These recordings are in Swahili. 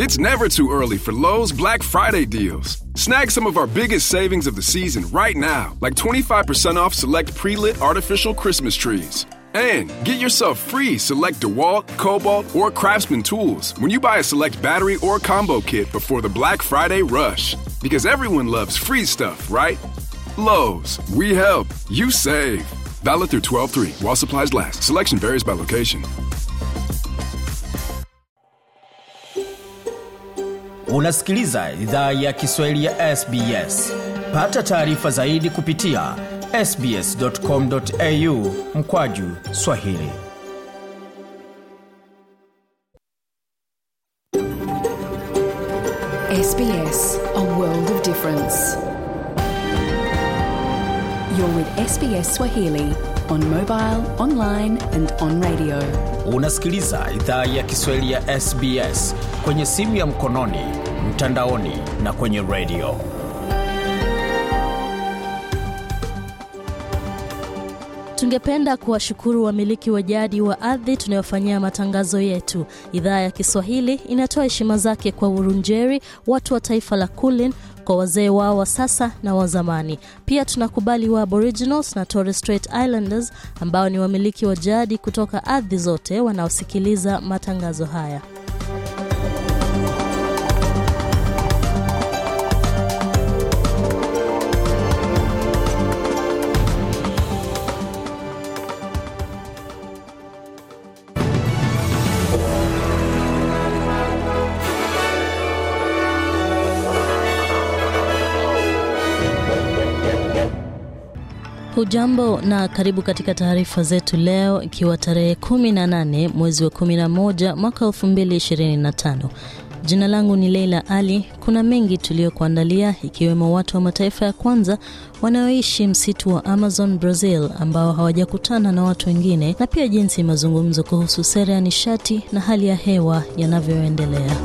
It's never too early for Lowe's Black Friday deals. Snag some of our biggest savings of the season right now, like 25% off select pre lit artificial Christmas trees. And get yourself free select DeWalt, Cobalt, or Craftsman tools when you buy a select battery or combo kit before the Black Friday rush. Because everyone loves free stuff, right? Lowe's, we help, you save. Valid through 12 3 while supplies last. Selection varies by location. unasikiliza idhaa ya kiswahili ya sbs pata taarifa zaidi kupitia sbscomau mkwaju swahili SBS, a world of difference. You're with SBS Swahili on mobile, online and on radio. Unasikiliza idhaa ya Kiswahili ya SBS kwenye simu ya mkononi, mtandaoni na kwenye radio. Tungependa kuwashukuru wamiliki wa jadi wa ardhi tunayofanyia matangazo yetu. Idhaa ya Kiswahili inatoa heshima zake kwa Urunjeri, watu wa taifa la Kulin kwa wazee wao wa sasa na wa zamani. Pia tunakubali wa Aboriginals na Torres Strait Islanders ambao ni wamiliki wa jadi kutoka ardhi zote wanaosikiliza matangazo haya. Hujambo na karibu katika taarifa zetu leo, ikiwa tarehe 18 mwezi wa 11 mwaka 225 Jina langu ni Leila Ali. Kuna mengi tuliyokuandalia, ikiwemo watu wa mataifa ya kwanza wanaoishi msitu wa Amazon Brazil ambao hawajakutana na watu wengine, na pia jinsi mazungumzo kuhusu sera ya nishati na hali ya hewa yanavyoendelea.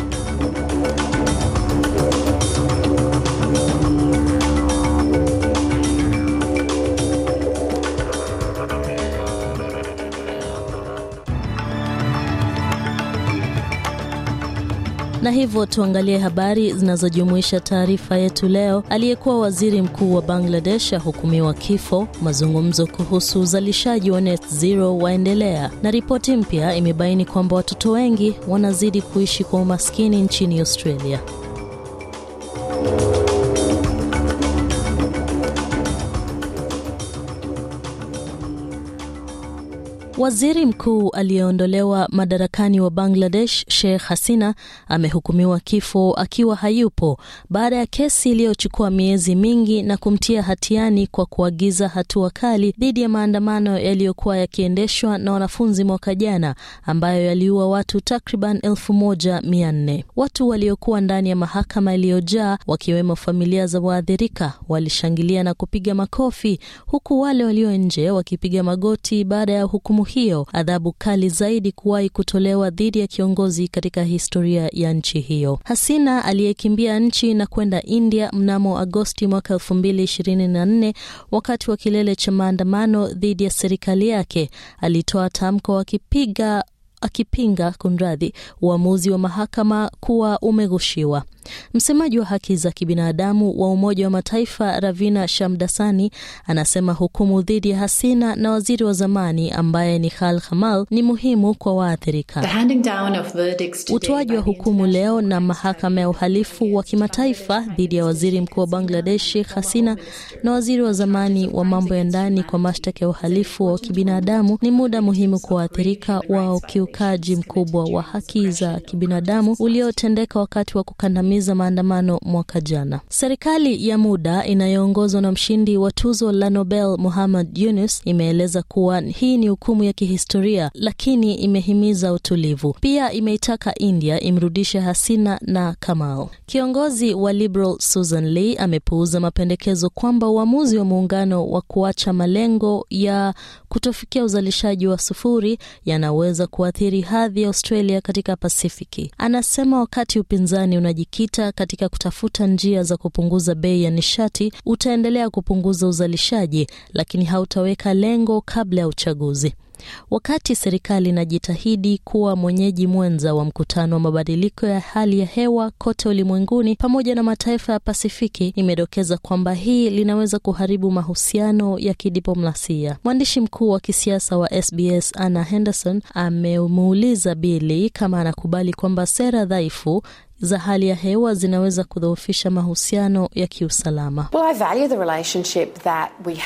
Na hivyo tuangalie habari zinazojumuisha taarifa yetu leo. Aliyekuwa waziri mkuu wa Bangladesh ahukumiwa kifo, mazungumzo kuhusu uzalishaji wa net zero waendelea, na ripoti mpya imebaini kwamba watoto wengi wanazidi kuishi kwa umaskini nchini Australia. Waziri mkuu aliyeondolewa madarakani wa Bangladesh Sheikh Hasina amehukumiwa kifo akiwa hayupo baada ya kesi iliyochukua miezi mingi na kumtia hatiani kwa kuagiza hatua kali dhidi ya maandamano yaliyokuwa yakiendeshwa na wanafunzi mwaka jana ambayo yaliua watu takriban elfu moja mia nne. Watu waliokuwa ndani ya mahakama iliyojaa wakiwemo familia za waathirika walishangilia na kupiga makofi huku wale walio nje wakipiga magoti baada ya hukumu hukumu hiyo, adhabu kali zaidi kuwahi kutolewa dhidi ya kiongozi katika historia ya nchi hiyo. Hasina aliyekimbia nchi na kwenda India mnamo Agosti mwaka nne wakati wa kilele cha maandamano dhidi ya serikali yake alitoa tamko akipiga akipinga kunradhi uamuzi wa mahakama kuwa umeghushiwa. Msemaji wa haki za kibinadamu wa Umoja wa Mataifa Ravina Shamdasani anasema hukumu dhidi ya Hasina na waziri wa zamani ambaye ni Khal hamal ni muhimu kwa waathirika. Utoaji wa hukumu leo na mahakama ya uhalifu wa kimataifa dhidi ya waziri mkuu wa Bangladeshi Hasina na waziri wa zamani wa mambo ya ndani kwa mashtaka ya uhalifu wa kibinadamu ni muda muhimu kwa waathirika wao kiu ukiukaji mkubwa wa haki za kibinadamu uliotendeka wakati wa kukandamiza maandamano mwaka jana. Serikali ya muda inayoongozwa na mshindi wa tuzo la Nobel Muhammad Yunus imeeleza kuwa hii ni hukumu ya kihistoria, lakini imehimiza utulivu. Pia imeitaka India imrudishe Hasina na Kamal. Kiongozi wa Liberal Susan Lee amepuuza mapendekezo kwamba uamuzi wa muungano wa kuacha malengo ya kutofikia uzalishaji wa sufuri yanaweza kuathiri kuathiri hadhi ya Australia katika Pasifiki. Anasema wakati upinzani unajikita katika kutafuta njia za kupunguza bei ya nishati, utaendelea kupunguza uzalishaji, lakini hautaweka lengo kabla ya uchaguzi. Wakati serikali inajitahidi kuwa mwenyeji mwenza wa mkutano wa mabadiliko ya hali ya hewa kote ulimwenguni pamoja na mataifa ya Pasifiki, imedokeza kwamba hii linaweza kuharibu mahusiano ya kidiplomasia. Mwandishi mkuu wa kisiasa wa SBS Anna Henderson amemuuliza Bili kama anakubali kwamba sera dhaifu za hali ya hewa zinaweza kudhoofisha mahusiano ya kiusalama. Well,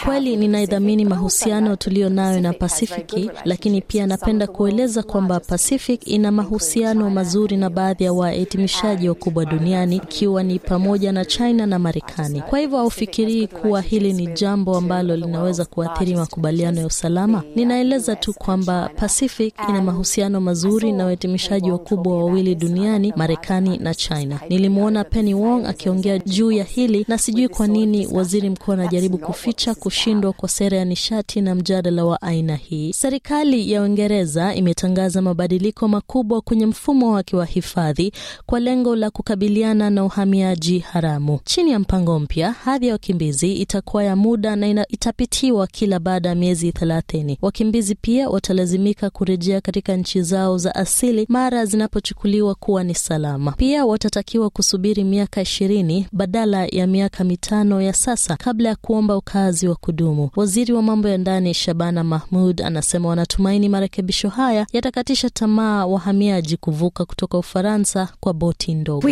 kweli ninaidhamini mahusiano tuliyo nayo na Pasifiki, lakini pia napenda kueleza kwamba Pacific ina mahusiano mazuri na baadhi ya wahitimishaji wakubwa duniani ikiwa ni pamoja na China na Marekani. Kwa hivyo haufikirii kuwa hili ni jambo ambalo linaweza kuathiri makubaliano ya usalama. Ninaeleza tu kwamba Pacific ina mahusiano mazuri na wahitimishaji wakubwa wawili duniani, Marekani na China. Nilimwona Penny Wong akiongea juu ya hili, na sijui kwa nini waziri mkuu anajaribu kuficha kushindwa kwa sera ya nishati na mjadala wa aina hii. Serikali ya Uingereza imetangaza mabadiliko makubwa kwenye mfumo wake wa hifadhi kwa lengo la kukabiliana na uhamiaji haramu. Chini ya mpango mpya, hadhi ya wakimbizi itakuwa ya muda na itapitiwa kila baada ya miezi thelathini. Wakimbizi pia watalazimika kurejea katika nchi zao za asili mara zinapochukuliwa kuwa ni salama. Pia Raia watatakiwa kusubiri miaka ishirini badala ya miaka mitano ya sasa kabla ya kuomba ukaazi wa kudumu. Waziri wa mambo ya ndani Shabana Mahmud anasema wanatumaini marekebisho haya yatakatisha tamaa wahamiaji kuvuka kutoka Ufaransa kwa boti ndogo.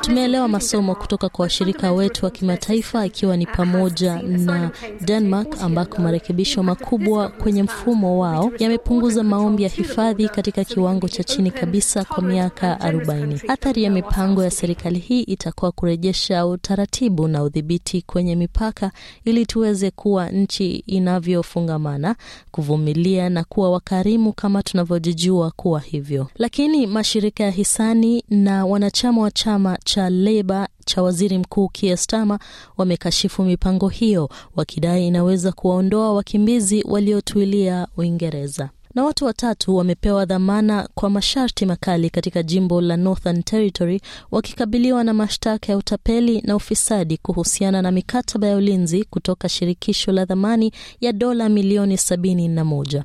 Tumeelewa masomo kutoka kwa washirika wetu wa kimataifa, ikiwa ni pamoja na Denmark ambako marekebisho makubwa kwenye mfumo wao yamepunguza maombi ya hifadhi katika kiwango cha chini kabisa kwa miaka miaka 40. Athari ya mipango ya serikali hii itakuwa kurejesha utaratibu na udhibiti kwenye mipaka ili tuweze kuwa nchi inavyofungamana, kuvumilia na kuwa wakarimu kama tunavyojijua kuwa hivyo. Lakini mashirika ya hisani na wanachama wa chama cha Leba cha waziri mkuu Keir Starmer wamekashifu mipango hiyo wakidai inaweza kuwaondoa wakimbizi waliotuilia Uingereza na watu watatu wamepewa dhamana kwa masharti makali katika jimbo la Northern Territory wakikabiliwa na mashtaka ya utapeli na ufisadi kuhusiana na mikataba ya ulinzi kutoka shirikisho la dhamani ya dola milioni sabini na moja.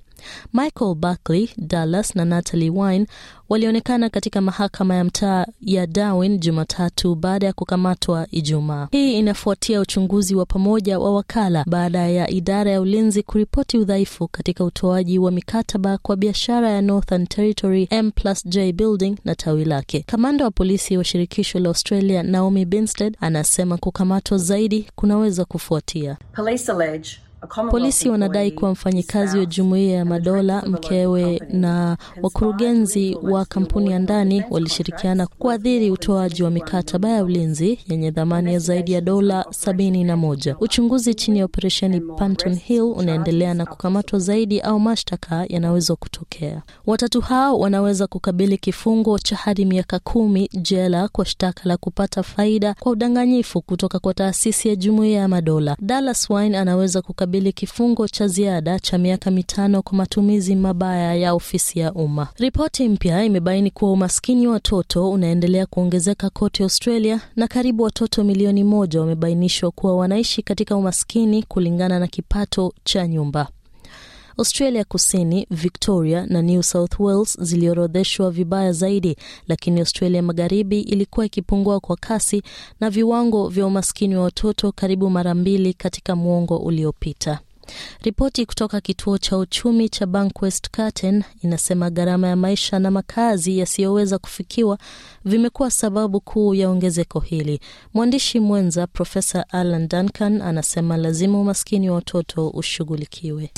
Michael Buckley Dallas na Natalie Wine walionekana katika mahakama ya mtaa ya Darwin Jumatatu baada ya kukamatwa Ijumaa. Hii inafuatia uchunguzi wa pamoja wa wakala baada ya idara ya ulinzi kuripoti udhaifu katika utoaji wa mikataba kwa biashara ya Northern Territory M+J Building na tawi lake. Kamanda wa polisi wa shirikisho la Australia Naomi binsted anasema kukamatwa zaidi kunaweza kufuatia Polisi wanadai kuwa mfanyikazi wa Jumuiya ya Madola, mkewe na wakurugenzi wa kampuni ya ndani walishirikiana kuadhiri utoaji wa mikataba ya ulinzi yenye thamani ya zaidi ya dola sabini na moja. Uchunguzi chini ya operesheni Panton Hill unaendelea na kukamatwa zaidi au mashtaka yanaweza kutokea. Watatu hao wanaweza kukabili kifungo cha hadi miaka kumi jela kwa shtaka la kupata faida kwa udanganyifu kutoka kwa taasisi ya Jumuiya ya Madola. Dallas Wine anaweza kukabili kukabili kifungo cha ziada cha miaka mitano kwa matumizi mabaya ya ofisi ya umma. Ripoti mpya imebaini kuwa umaskini wa watoto unaendelea kuongezeka kote Australia na karibu watoto milioni moja wamebainishwa kuwa wanaishi katika umaskini kulingana na kipato cha nyumba. Australia Kusini, Victoria na New South Wales ziliorodheshwa vibaya zaidi, lakini Australia Magharibi ilikuwa ikipungua kwa kasi na viwango vya umaskini wa watoto karibu mara mbili katika muongo uliopita. Ripoti kutoka kituo cha uchumi cha Bankwest Carten inasema gharama ya maisha na makazi yasiyoweza kufikiwa vimekuwa sababu kuu ya ongezeko hili. Mwandishi mwenza Profesa Alan Duncan anasema lazima umaskini wa watoto ushughulikiwe.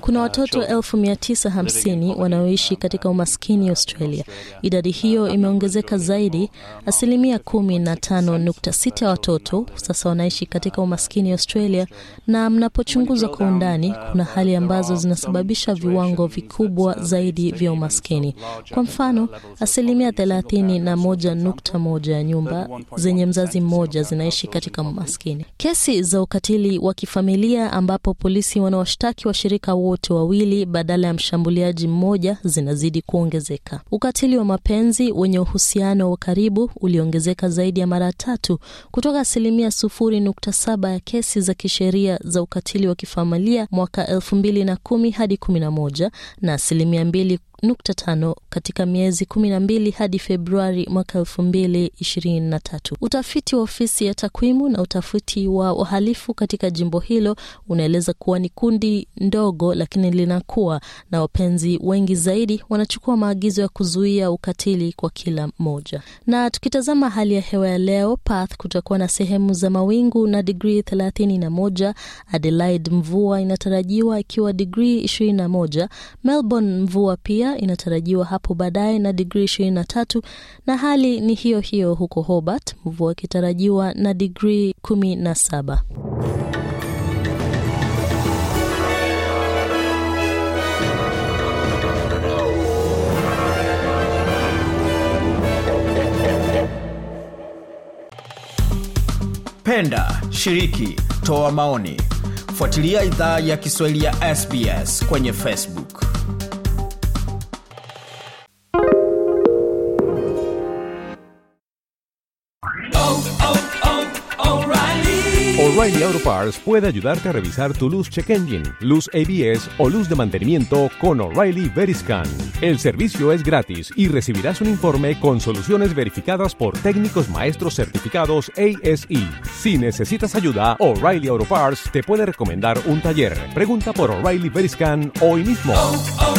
Kuna uh, watoto elfu mia tisa hamsini wanaoishi uh, katika uh, umaskini Australia. Idadi hiyo imeongezeka zaidi, asilimia kumi na tano nukta sita watoto sasa wanaishi katika umaskini Australia na mnapochunguza kwa undani, kuna hali ambazo zinasababisha viwango vikubwa zaidi vya umaskini. Kwa mfano, asilimia thelathini na moja nukta moja ya nyumba zenye mzazi mmoja zinaishi katika umaskini. Kesi za ukatili wa kifamilia ambapo polisi wanawashtaki washirika wote wawili badala ya mshambuliaji mmoja zinazidi kuongezeka. Ukatili wa mapenzi wenye uhusiano wa karibu uliongezeka zaidi ya mara tatu kutoka asilimia sufuri nukta saba ya kesi za kish sheria za ukatili wa kifamilia mwaka elfu mbili na kumi hadi kumi na moja na asilimia mbili 7.5 katika miezi 12 hadi Februari mwaka 2023. Utafiti wa ofisi ya takwimu na utafiti wa uhalifu katika jimbo hilo unaeleza kuwa ni kundi ndogo lakini linakuwa na wapenzi wengi zaidi, wanachukua maagizo ya kuzuia ukatili kwa kila mmoja. Na tukitazama hali ya hewa ya leo, Perth kutakuwa na sehemu za mawingu na digrii 31. Adelaide mvua inatarajiwa ikiwa digrii 21. Melbourne mvua pia inatarajiwa hapo baadaye na digrii 23 na hali ni hiyo hiyo huko Hobart, mvua ikitarajiwa na digrii 17. Penda, shiriki, toa maoni. Fuatilia idhaa ya Kiswahili ya SBS kwenye Facebook. Parts puede ayudarte a revisar tu luz check engine, luz ABS o luz de mantenimiento con O'Reilly Veriscan. El servicio es gratis y recibirás un informe con soluciones verificadas por técnicos maestros certificados ASE. Si necesitas ayuda, O'Reilly Auto Parts te puede recomendar un taller. Pregunta por O'Reilly Veriscan hoy mismo. Oh, oh,